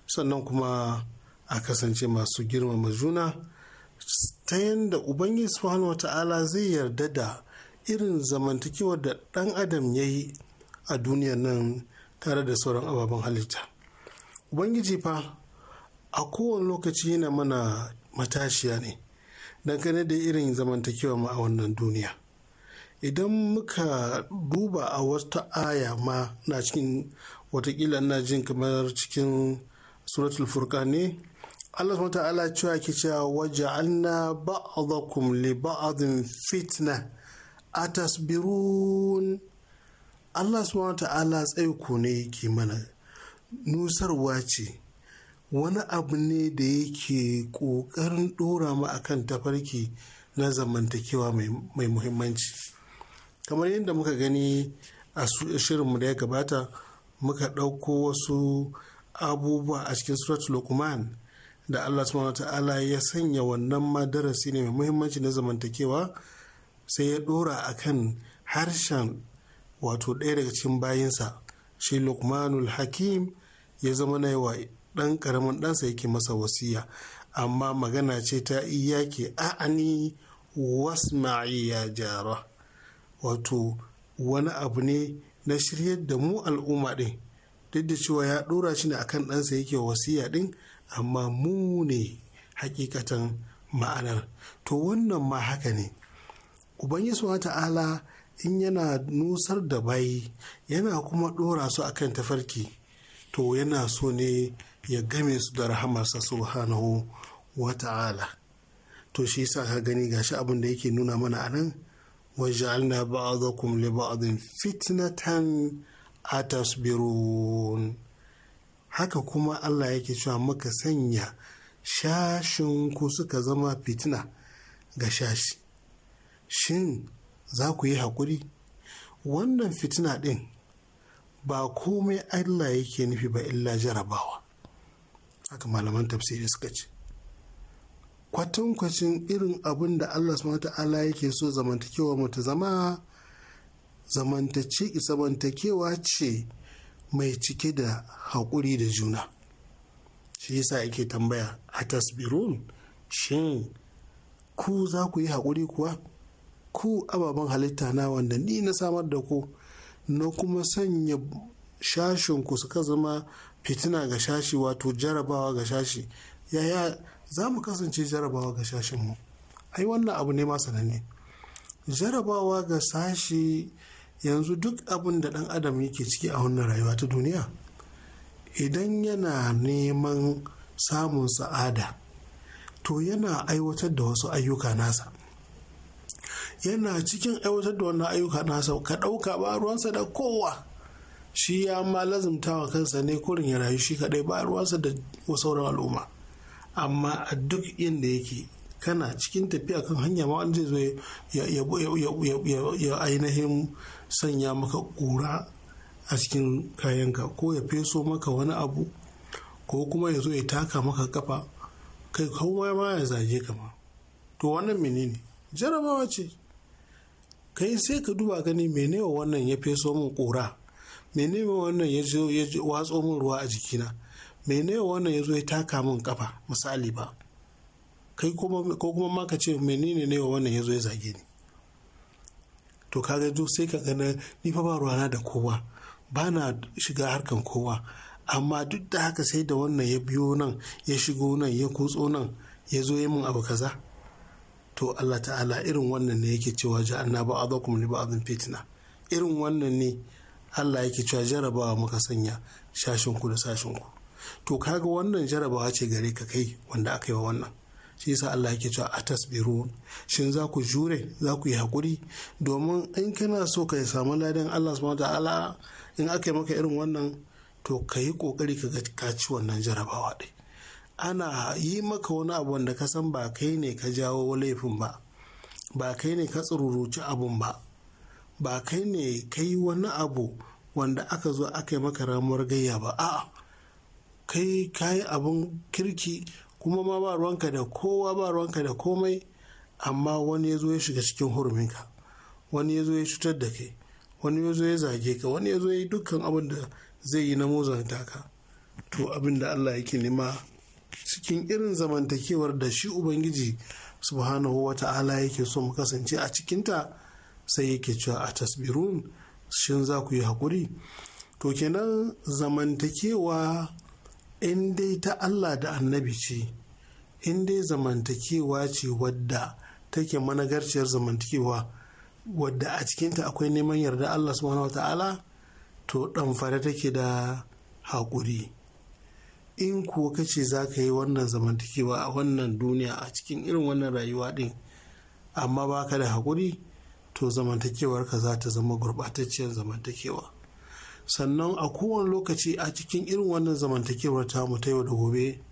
sannan kuma a kasance masu girmama juna ta yadda ubangiji subhanahu wa ta'ala zai yarda da irin zamantakewar da ɗan adam ya yi a duniyar nan tare da sauran ababen halitta ubangiji fa a kowane lokaci yana mana matashiya ne dangane da irin zamantakewa ma a wannan duniya idan muka duba a wata aya ma na cikin watakila na jin kamar cikin suratul furqan ne Allah subhanahu ta'ala cewa ke cewa waja'alna ba'dakum li ba'din fitna atasbirun Allah subhanahu ta'ala tsaiko ne yake mana nusarwa ce wani abu ne da yake ƙoƙarin ɗora mu akan tafarki na zamantakewa mai muhimmanci kamar yadda muka gani a shirinmu da ya gabata muka ɗauko wasu abubuwa a cikin surat lukman da allah subhanahu ta'ala ya sanya wannan ma darasi ne mai muhimmanci na zamantakewa sai ya ɗora a kan harshen wato ɗaya daga cikin bayinsa shi lukmanul hakim ya zama na yawa ɗan ƙaramin ɗansa yake masa wasiya amma magana ce ta iyake a'ani wasma'i ya jara wato wani abu ne na shiryar da mu al'umma ɗin duk da cewa ya ɗora shi ne akan ɗansa yake wasiya ɗin amma mu ne hakikatan ma'anar to wannan ma haka ne ubangiji wa ta'ala in yana nusar da bayi yana kuma ɗora su akan tafarki to yana so ne ya game su da rahamarsa subhanahu wa ta'ala to shi sa ka gani gashi abin da yake nuna mana a nan وجعلنا بعضكم لبعض فتنة أتصبرون haka kuma Allah yake cewa muka sanya shashinku suka zama fitina ga shashi shin za ku yi haƙuri wannan fitina ɗin ba komai Allah yake nufi ba illa jarabawa haka malaman tafsiri suka ce kwatankwacin irin abin da Allah subhanahu ta'ala yake so zamantakewa mu ta zama zamantace zamantakewa ce mai cike da haƙuri da juna shi yasa yake tambaya a tasbirun shin ku za ku yi haƙuri kuwa ku ababen halitta na wanda ni na samar da ku na kuma sanya ku suka zama fitina ga shashi wato jarabawa ga shashi yaya za mu kasance jarabawa ga shashinmu ai wannan abu ne masu nan ne. jarabawa ga sashi yanzu duk abin da ɗan adam yake ciki a wannan rayuwa ta duniya idan yana neman samun sa'ada to yana aiwatar da wasu ayyuka nasa yana cikin aiwatar da wannan ayyuka nasa ka ɗauka ba ruwansa da kowa shi ya ma lazimta wa kansa ne kurin ya rayu shi kaɗai ba ruwansa da sauran al'umma amma a duk inda yake kana cikin tafiya kan hanya ma wani zai zo ya ainihin sanya maka kura a cikin kayanka ko ya feso maka wani abu ko kuma ya zo ya taka maka kafa kai kuma ma ya zage ka ma to wannan menene jarabawa ce kai sai ka duba gani mene wannan ya feso min kura mene wannan ya watso min ruwa a jikina mene wannan ya zo ya taka min kafa misali ba kai ko kuma ma ka ce menene ne wannan ya zo ya zage ni to kaga duk sai ka gana ni fa ba ruwana da kowa ba na shiga harkan kowa amma duk da haka sai da wannan ya biyo nan ya shigo nan ya kutso nan ya zo ya min abu kaza to Allah ta'ala irin wannan ne yake cewa ja'anna azakum li ba'adin fitna irin wannan ne Allah yake cewa jarabawa muka sanya shashin ku da sashin ku to kaga wannan jarabawa ce gare ka kai wanda aka yi wa wannan shi yasa Allah yake cewa atasbiru shin za ku jure za ku yi hakuri domin in kana so ka samu ladan Allah subhanahu ta'ala in aka yi maka irin wannan to ka yi kokari ka ga ci wannan jarabawa dai ana yi maka wani abu wanda ka san ba kai ne ka jawo laifin ba ba kai ne ka tsururuci abun ba ba kai ne ka yi wani abu wanda aka zo aka yi maka ramuwar gayya ba a'a kai kayi abin kirki kuma ma ba ruwanka da kowa ba ruwanka da komai amma wani ya zo ya shiga cikin huruminka wani ya zo ya cutar da kai wani ya zo ya zage ka wani ya zo ya yi dukkan abin da zai yi na mozanta ka to abin da Allah yake nema cikin irin zamantakewar da shi ubangiji subhanahu wa ta'ala yake so mu kasance a cikinta sai yake cewa a tasbirun shin za ku yi hakuri to kenan zamantakewa in dai ta Allah da annabi ce in dai zamantakewa ce wadda take managarciyar zamantakewa wadda a cikinta akwai neman yarda Allah subhanahu wata'ala to ɗamfare take da haƙuri in kuwa kace za ka yi wannan zamantakewa a wannan duniya a cikin irin wannan rayuwa ɗin amma ba ka da haƙuri to zamantakewarka za ta zama gurɓatacciyar zamantakewa sannan a kowane lokaci a cikin irin wannan zamantakewar tamu ta yau da gobe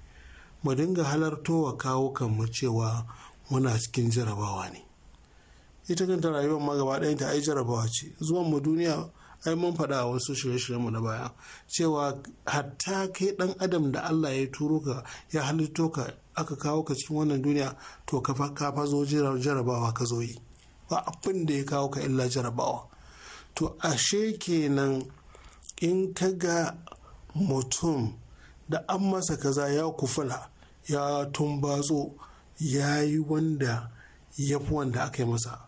mu dinga wa kawo kan mu cewa muna cikin jarabawa ne ita kanta rayuwar ma gaba ɗayanta ai jarabawa ce zuwan mu duniya ai mun faɗa a wasu shirye mu na baya cewa hatta kai ɗan adam da Allah ya turo ka ya halitto ka aka kawo ka cikin wannan duniya to ka fa zo jarabawa ka zo yi ba abin da ya kawo ka illa jarabawa to ashe kenan in ka ga mutum da an masa kaza ya kufula ya tumbatso ya yi wanda ya fi wanda aka yi masa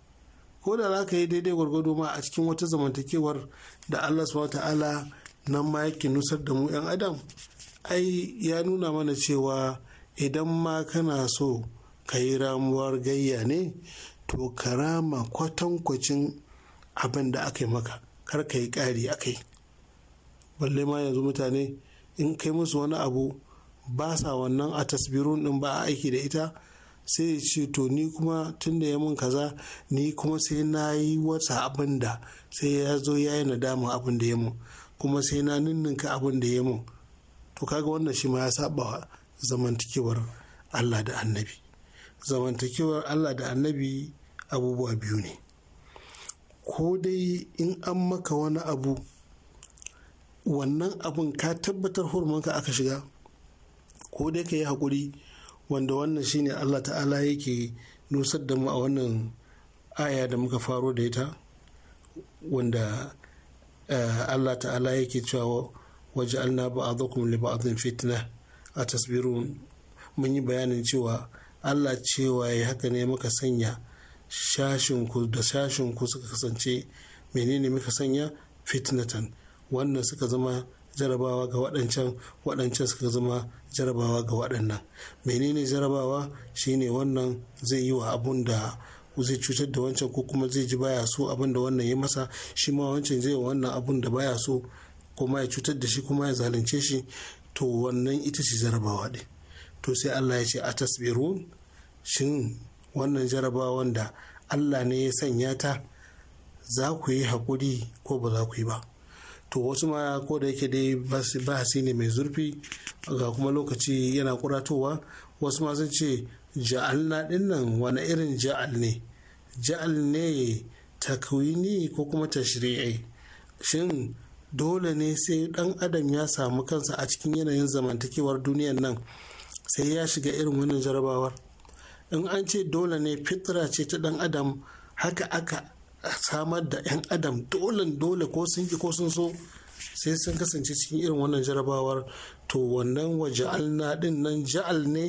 ko da za ka yi daidai gwargwado ma a cikin wata zamantakewar da allah subhanahu ta'ala nan ma yake nusar da mu 'yan adam ai ya nuna mana cewa idan ma kana so ka yi ramuwar gayya ne to ka rama kwatankwacin abin da aka yi maka kar ka yi ƙari a kai balle ma yanzu mutane in kai musu wani abu ba sa wannan a tasbirun din ba a aiki da ita sai ya ce to ni kuma tun da ya mun kaza ni kuma sai na yi wata abin da sai ya zo ya yi nadamun abin da ya mun kuma sai na ninninka abin da ya mun to kaga wannan shi ma ya saba zamantakewar Allah da annabi zamantakewar Allah da annabi abubuwa biyu ne ko dai in an maka wani abu wannan abin ka tabbatar hurmanka aka shiga ko dai ka yi haƙuri wanda wannan shine allah ta'ala yake nusar da mu a wannan aya da muka faro da ita wanda eh, allah ta'ala yake cewa waje alna ba'adakum li ba'adin fitna a tasbirun mun yi bayanin cewa allah cewa ya haka ne muka sanya shashinku da shashinku suka kasance menene muka sanya fitnatan wannan suka zama jarabawa ga waɗancan waɗancan suka zama jarabawa ga waɗannan menene jarabawa shine wannan zai yi wa abun da zai cutar da wancan ko kuma zai ji baya so abin da wannan ya masa shi ma wancan zai wa wannan abun da baya so kuma ya cutar da shi kuma ya zalunce shi to wannan ita ce jarabawa ɗin to sai allah ya ce a tasbiru? shin wannan jarabawan da allah ne ya sanya ta za ku yi haƙuri ko ba za ku yi ba to wasu ma ko da yake dai bahasi ne mai zurfi ga kuma lokaci yana kuratowa wasu ma sun ce ja'alna nan wani irin ja'al ne ja'al ne takwini ko kuma ta tashri'i shin dole ne sai dan adam ya samu kansa a cikin yanayin zamantakewar duniyar nan sai ya shiga irin wannan jarabawar in an ce dole ne fitra ce ta dan adam haka aka samar da 'yan adam dole dole ko sun ki ko sun so sai sun kasance cikin irin wannan jarabawar to wannan waje alna din nan ja'al ne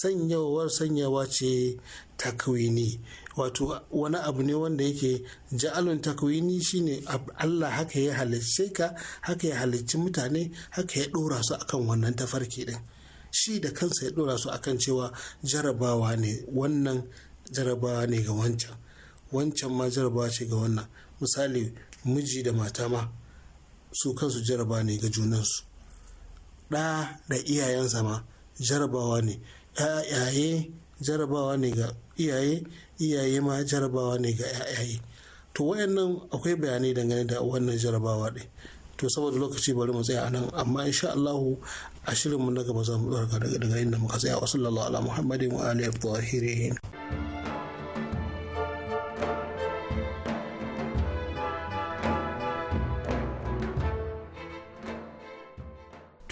sanyawar sanyawa ce takwini wato wani abu ne wanda yake ja'alun takwini shine Allah haka ya halicce ka haka ya halicci mutane haka ya ɗora su akan wannan tafarki din shi da kansa ya ɗora su akan cewa jarabawa ne wannan jarabawa ne ga wancan wancan ma jarabawa ce ga wannan misali miji da mata ma su kansu jaraba ne ga junansu ɗa da iyayensa zama jarabawa ne ƴaƴaye jarabawa ne ga iyaye iyaye ma jarabawa ne ga yayaye to wayannan akwai bayanai dangane da wannan jarabawa ɗin to saboda lokaci bari mu tsaya nan amma insha Allahu a shirinmu na gaba za mu daga daga inda muka tsaya wa sallallahu ala muhammadin wa alihi wa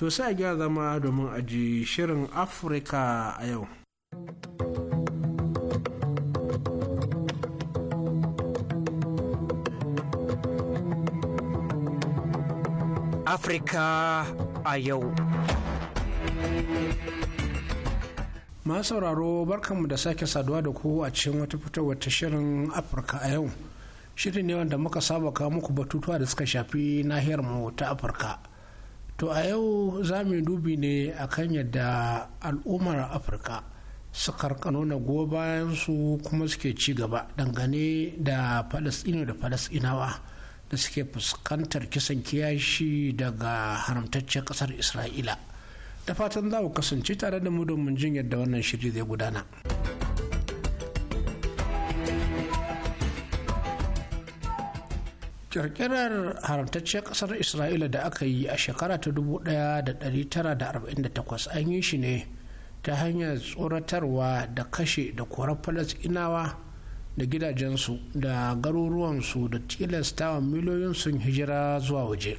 to sai gyara zama domin aji shirin afirka a yau afirka a yau masu sauraro barkanmu da sake saduwa da ku a cikin wata fitowar ta shirin afirka a yau shirin ne wanda muka saba kawo muku batutuwa da suka shafi nahiyar mu ta afirka to a yau za mu dubi ne a kan yadda al'ummar afirka suka na go bayan su kuma suke ci gaba dangane da falasɗinu da falasɗinawa da suke fuskantar kisan kiyashi daga haramtaccen ƙasar isra'ila da fatan za ku kasance tare da mu domin jin yadda wannan shiri zai gudana. kirkirar haramtacciyar kasar isra'ila da aka yi a shekara ta 1948 an yi shi ne ta hanyar tsoratarwa da kashe da korar falasinawa da gidajensu da garuruwansu da tilastawa miliyoyin sun hijira zuwa waje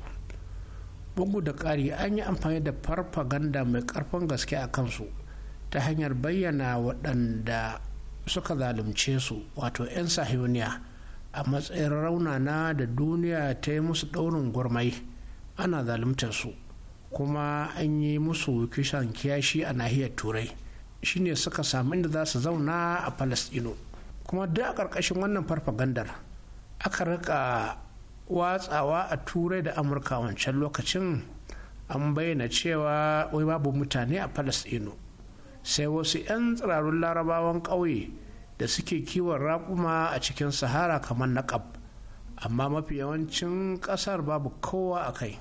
bugu da ƙari an yi amfani da farfaganda mai ƙarfin gaske a kansu ta hanyar bayyana waɗanda suka zalunce su wato 'yan sahiyoniya a matsayin raunana da duniya ta yi musu ɗaurin gwarmai ana zaluntar su kuma an yi musu kishan kiyashi a nahiyar turai shine suka samu inda za su zauna a palestino kuma duk a ƙarƙashin wannan farfagandar aka rika watsawa a turai da amurka wancan lokacin an bayyana cewa wai babu mutane a palestino sai wasu 'yan tsirarun larabawan ƙauye da suke kiwon raƙuma a cikin sahara kamar naƙab amma mafi yawancin ƙasar babu kowa a kai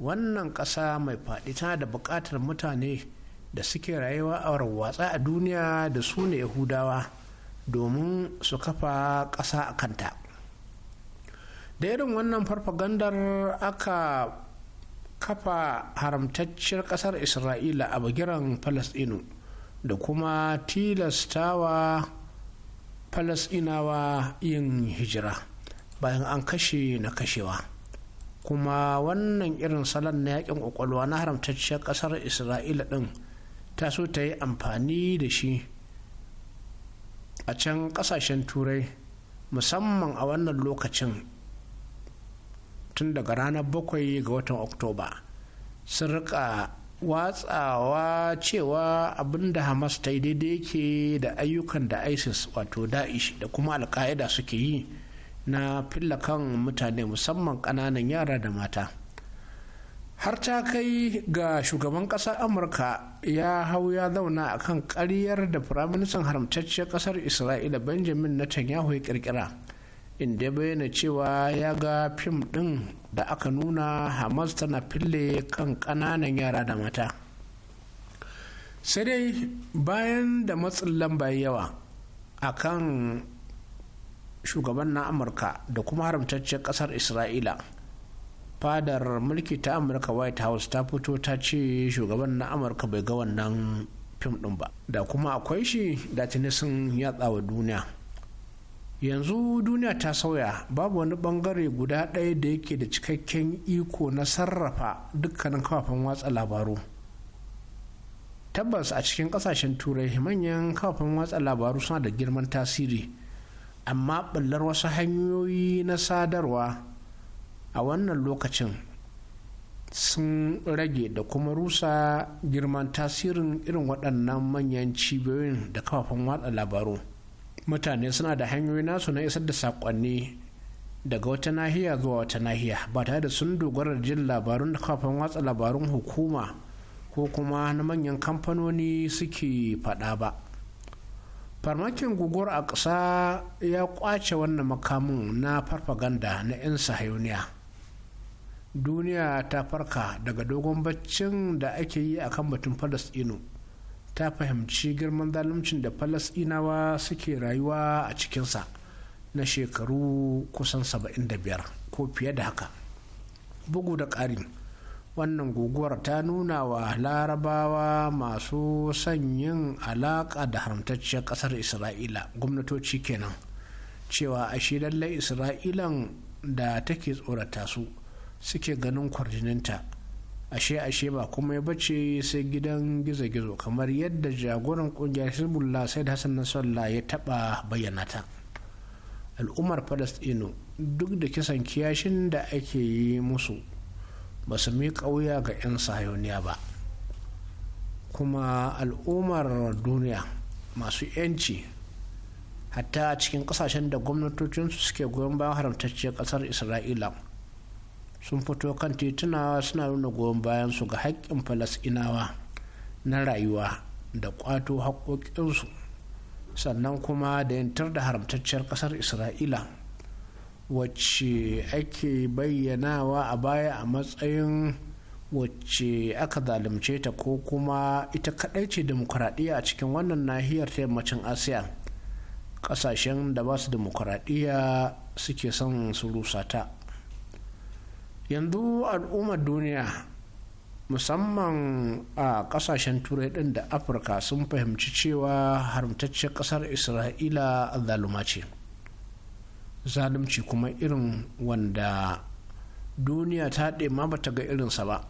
wannan ƙasa mai faɗi tana da buƙatar mutane da suke rayuwa a warwatsa a duniya da su ne yahudawa domin su kafa ƙasa a kanta da irin wannan farfagandar aka kafa haramtacciyar ƙasar isra'ila a bagiran falasɗinu da kuma tilastawa falasinawa yin hijira bayan an kashe na kashewa kuma wannan irin salon na yakin kwakwalwa na haramtacciyar kasar isra'ila din ta so ta yi amfani da shi a can kasashen turai musamman a wannan lokacin tun daga ranar bakwai ga watan oktoba sun rika watsawa cewa abinda hamas ta yi daidai yake da ayyukan da isis wato da'ish da kuma alka'ida suke yi na filla kan mutane musamman ƙananan yara da mata har ta kai ga shugaban ƙasar amurka ya hau ya zauna akan kan ƙaryar da firaministan haramtacciyar ƙasar isra'ila benjamin netanyahu ya ƙirƙira inda bayyana cewa ya ga fim ɗin da aka nuna hamas tana fille kan ƙananan yara da mata sai dai bayan da matsin lamba yawa a kan shugaban na amurka da kuma haramtaccen ƙasar isra'ila fadar mulki ta amurka white house ta fito ta ce shugaban na amurka bai ga wannan fim ɗin ba da kuma akwai shi da tuni sun yatsa wa duniya yanzu duniya ta sauya babu wani bangare guda ɗaya da yake da cikakken iko na sarrafa dukkanin kafafen watsa labaru tabbas a cikin ƙasashen turai manyan kafafen watsa labaru suna da girman tasiri amma ɓullar wasu hanyoyi na sadarwa a wannan lokacin sun rage da kuma rusa girman tasirin irin waɗannan manyan cibiyoyin da kafafen watsa labaru. mutane suna da hanyoyi nasu na isar da saƙonni daga wata nahiya zuwa wata nahiya ba tare da sun dogara da jin labarun kafin watsa labarun hukuma ko kuma na manyan kamfanoni suke faɗa ba farmakin guguwar a ƙasa ya ƙwace wannan makamin na farfaganda na 'yan sahayuniya duniya ta farka daga dogon baccin da ake yi akan batun Falasɗinu. ta fahimci girman zaluncin da falasɗinawa suke rayuwa a cikinsa na shekaru kusan 75 ko fiye da haka bugu da ƙari wannan guguwar ta nuna wa larabawa masu sanyin alaƙa da haramtacciyar ƙasar isra'ila gwamnatoci kenan cewa a shi lallai isra'ilan da take tsorata su suke ganin kwarjininta ashe ashe ba kuma ya bace sai gidan gizo-gizo kamar yadda jagoran kungiyar hezbollah said hassan nasrallah ya taba bayyana ta al'ummar palestino duk da kisan kiyashin da ake yi musu ba su mi kauya ga 'yan sahayoniya ba kuma al'ummar duniya masu 'yanci hatta cikin kasashen da gwamnatocinsu suke goyon bayan haramtacciyar kasar isra'ila sun fito kan tituna suna nuna goyon bayan su ga haƙƙin falasɗinawa na rayuwa da ƙwato haƙoƙinsu sannan kuma da yantar da haramtacciyar ƙasar isra'ila wacce ake bayyanawa a baya a matsayin wacce aka zalunce ta ko kuma ita kaɗai ce demokuraɗiyya a cikin wannan nahiyar ta yammacin asiya ƙasashen da ba su demokuraɗiyya suke son su rusa ta yanzu al'ummar duniya musamman a kasashen turai din da afirka sun fahimci cewa haramtacciyar kasar isra'ila zaluma ce zalunci kuma irin wanda duniya ta ɗema bata ga irinsa ba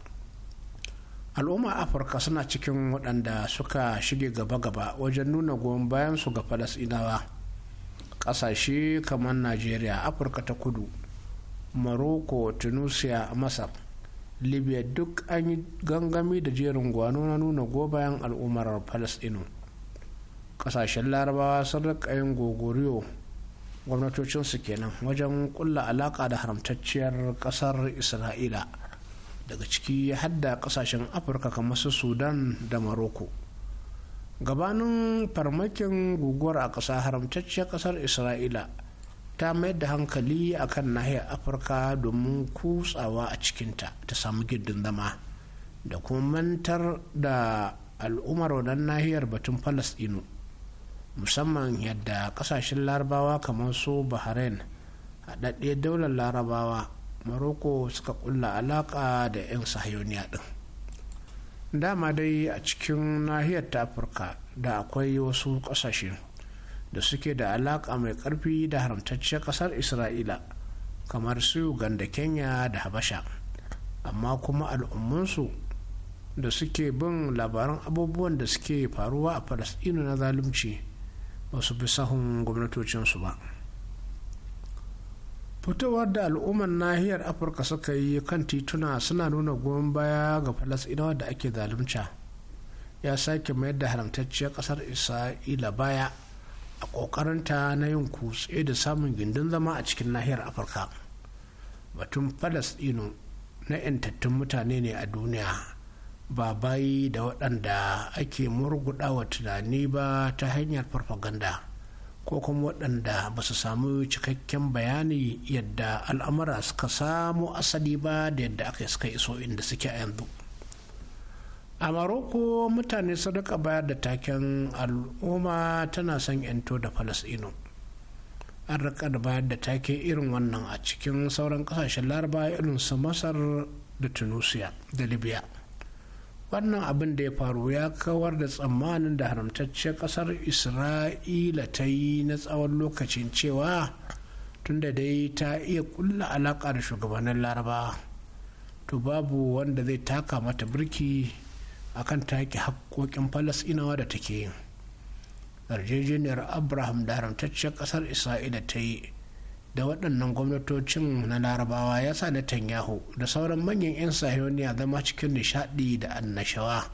al'ummar afirka suna cikin waɗanda suka shige gaba-gaba wajen nuna goyon su ga falasɗinawa ƙasashe kamar najeriya afirka ta kudu morocco tunisia masar libya duk an yi gangami da jerin gwano na nuna gobayen al'ummar palestino kasashen larabawa sun rika yin gogoriyo gwamnatocinsu kenan wajen kulla alaka da haramtacciyar kasar isra'ila daga ciki ya hadda kasashen afirka kamar su sudan da morocco gabanin farmakin guguwar a ƙasa haramtacciyar ƙasar isra'ila ta mayar da hankali a kan nahiyar afirka domin kutsawa a cikinta ta samu gindin zama da kuma mantar da al'ummar wadannan nahiyar batun falasɗinu musamman yadda kasashen larabawa kamar su bahrain haɗaɗɗe daular larabawa morocco suka kulla alaƙa da 'yan sahayoniya ɗin dama dai a cikin nahiyar ta afirka da akwai wasu ƙasashe da suke da alaƙa mai ƙarfi da haramtacciyar ƙasar isra'ila kamar su uganda kenya da habasha amma kuma al'ummansu da suke bin labaran abubuwan da suke faruwa a falasɗinu na zalunci ba su bi sahun gwamnatocinsu ba fitowar da al'ummar nahiyar afirka suka yi kan tituna suna nuna goyon baya ga falasɗinawa da ake zalunca ya sake mayar da haramtacciyar ƙasar isra'ila baya a ta na yin kutse da samun gindin zama a cikin nahiyar afirka batun falasɗinu na 'yantattun mutane ne a duniya ba bayi da waɗanda ake murguɗa wa tunani ba ta hanyar farfaganda ko kuma waɗanda ba su samu cikakken bayani yadda al'amura suka samu asali ba da yadda aka suka iso inda suke a yanzu a maroko mutane sadaka bayar da taken al'umma tana son 'yanto da falasino an rika da bayar da take irin wannan a cikin sauran kasashen laraba irin su masar da tunisia da libya wannan abin da ya faru ya kawar da tsammanin da haramtaccen kasar isra'ila ta yi na tsawon lokacin cewa tunda dai ta iya kulla alaka da shugabannin laraba to babu wanda zai taka mata birki a akan take haƙƙoƙin falasɗinawa da take yin yarjejeniyar abraham da haramtacciyar ƙasar isra'ila ta yi da waɗannan gwamnatocin na larabawa ya sa Netanyahu da sauran manyan 'yan sahiyoniya zama cikin nishaɗi da annashawa.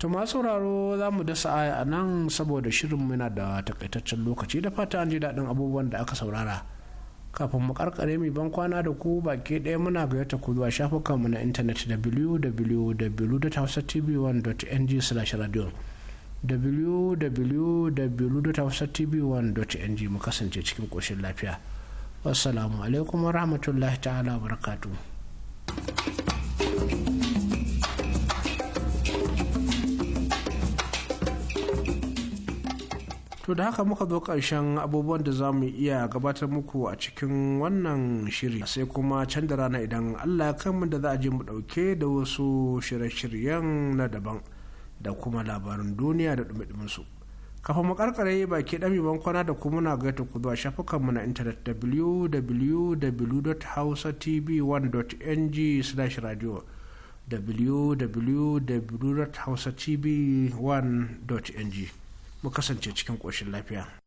To masu sauraro za mu dasa aya a nan saboda shirin muna da takaitaccen lokaci da fata an ji daɗin abubuwan da aka saurara. kafin mu karkare mai ban kwana da ku baki ɗaya muna gayyata ku zuwa mu na intanet www.hausatv1.ng slash radio www.hausatv1.ng mu kasance cikin koshin lafiya wassalamu alaikum wa rahmatullahi ta'ala wa to da haka muka zo ƙarshen abubuwan da za mu iya gabatar muku a cikin wannan shiri sai kuma can da rana idan allah ya mu da za a je mu ɗauke da wasu shirye-shiryen na daban da kuma labarin duniya da ɗumi su kafa mu karkare baki dami bankwana da kuma na gaita ku zuwa shafukanmu na intanet www.hausatv1.ng/radio www.hausatv1.ng mu kasance cikin ƙoshin lafiya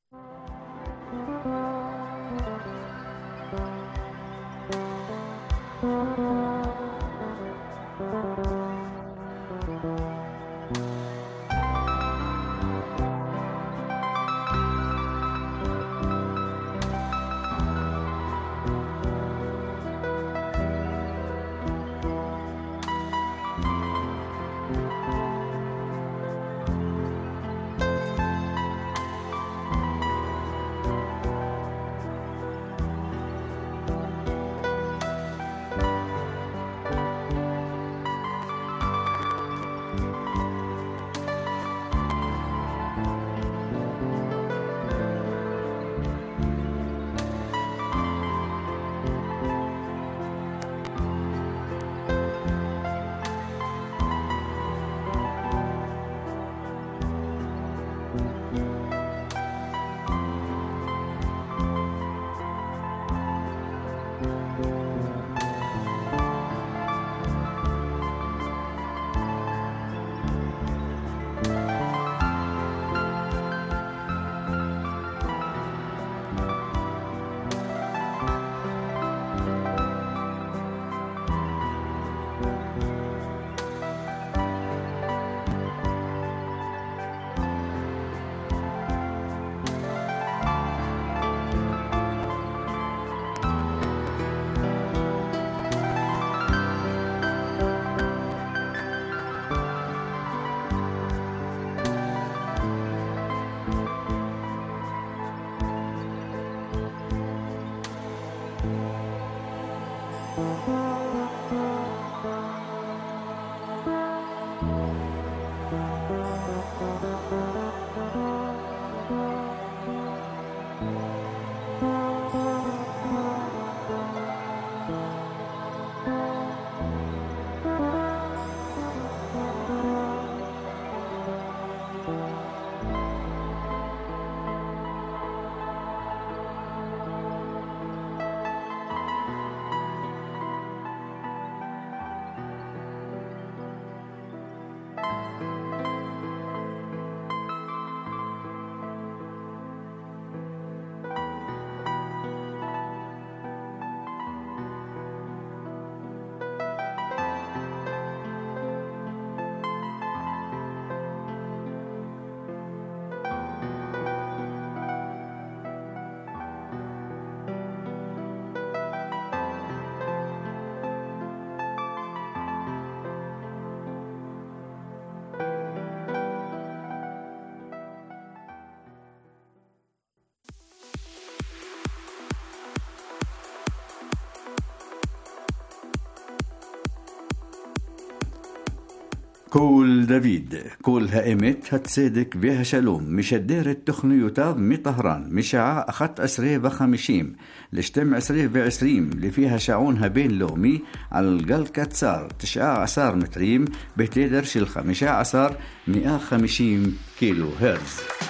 كول دافيد كول هائمت هتسيدك بها شلوم مش الدير التخني يوتاب مي طهران مشاع أخت أسري بخمشيم لشتم أسري بعسريم اللي فيها شعونها بين لومي على القل كتسار تشعى عصار متريم بتدرش الخمشة عصار مئة خمشيم كيلو هرتز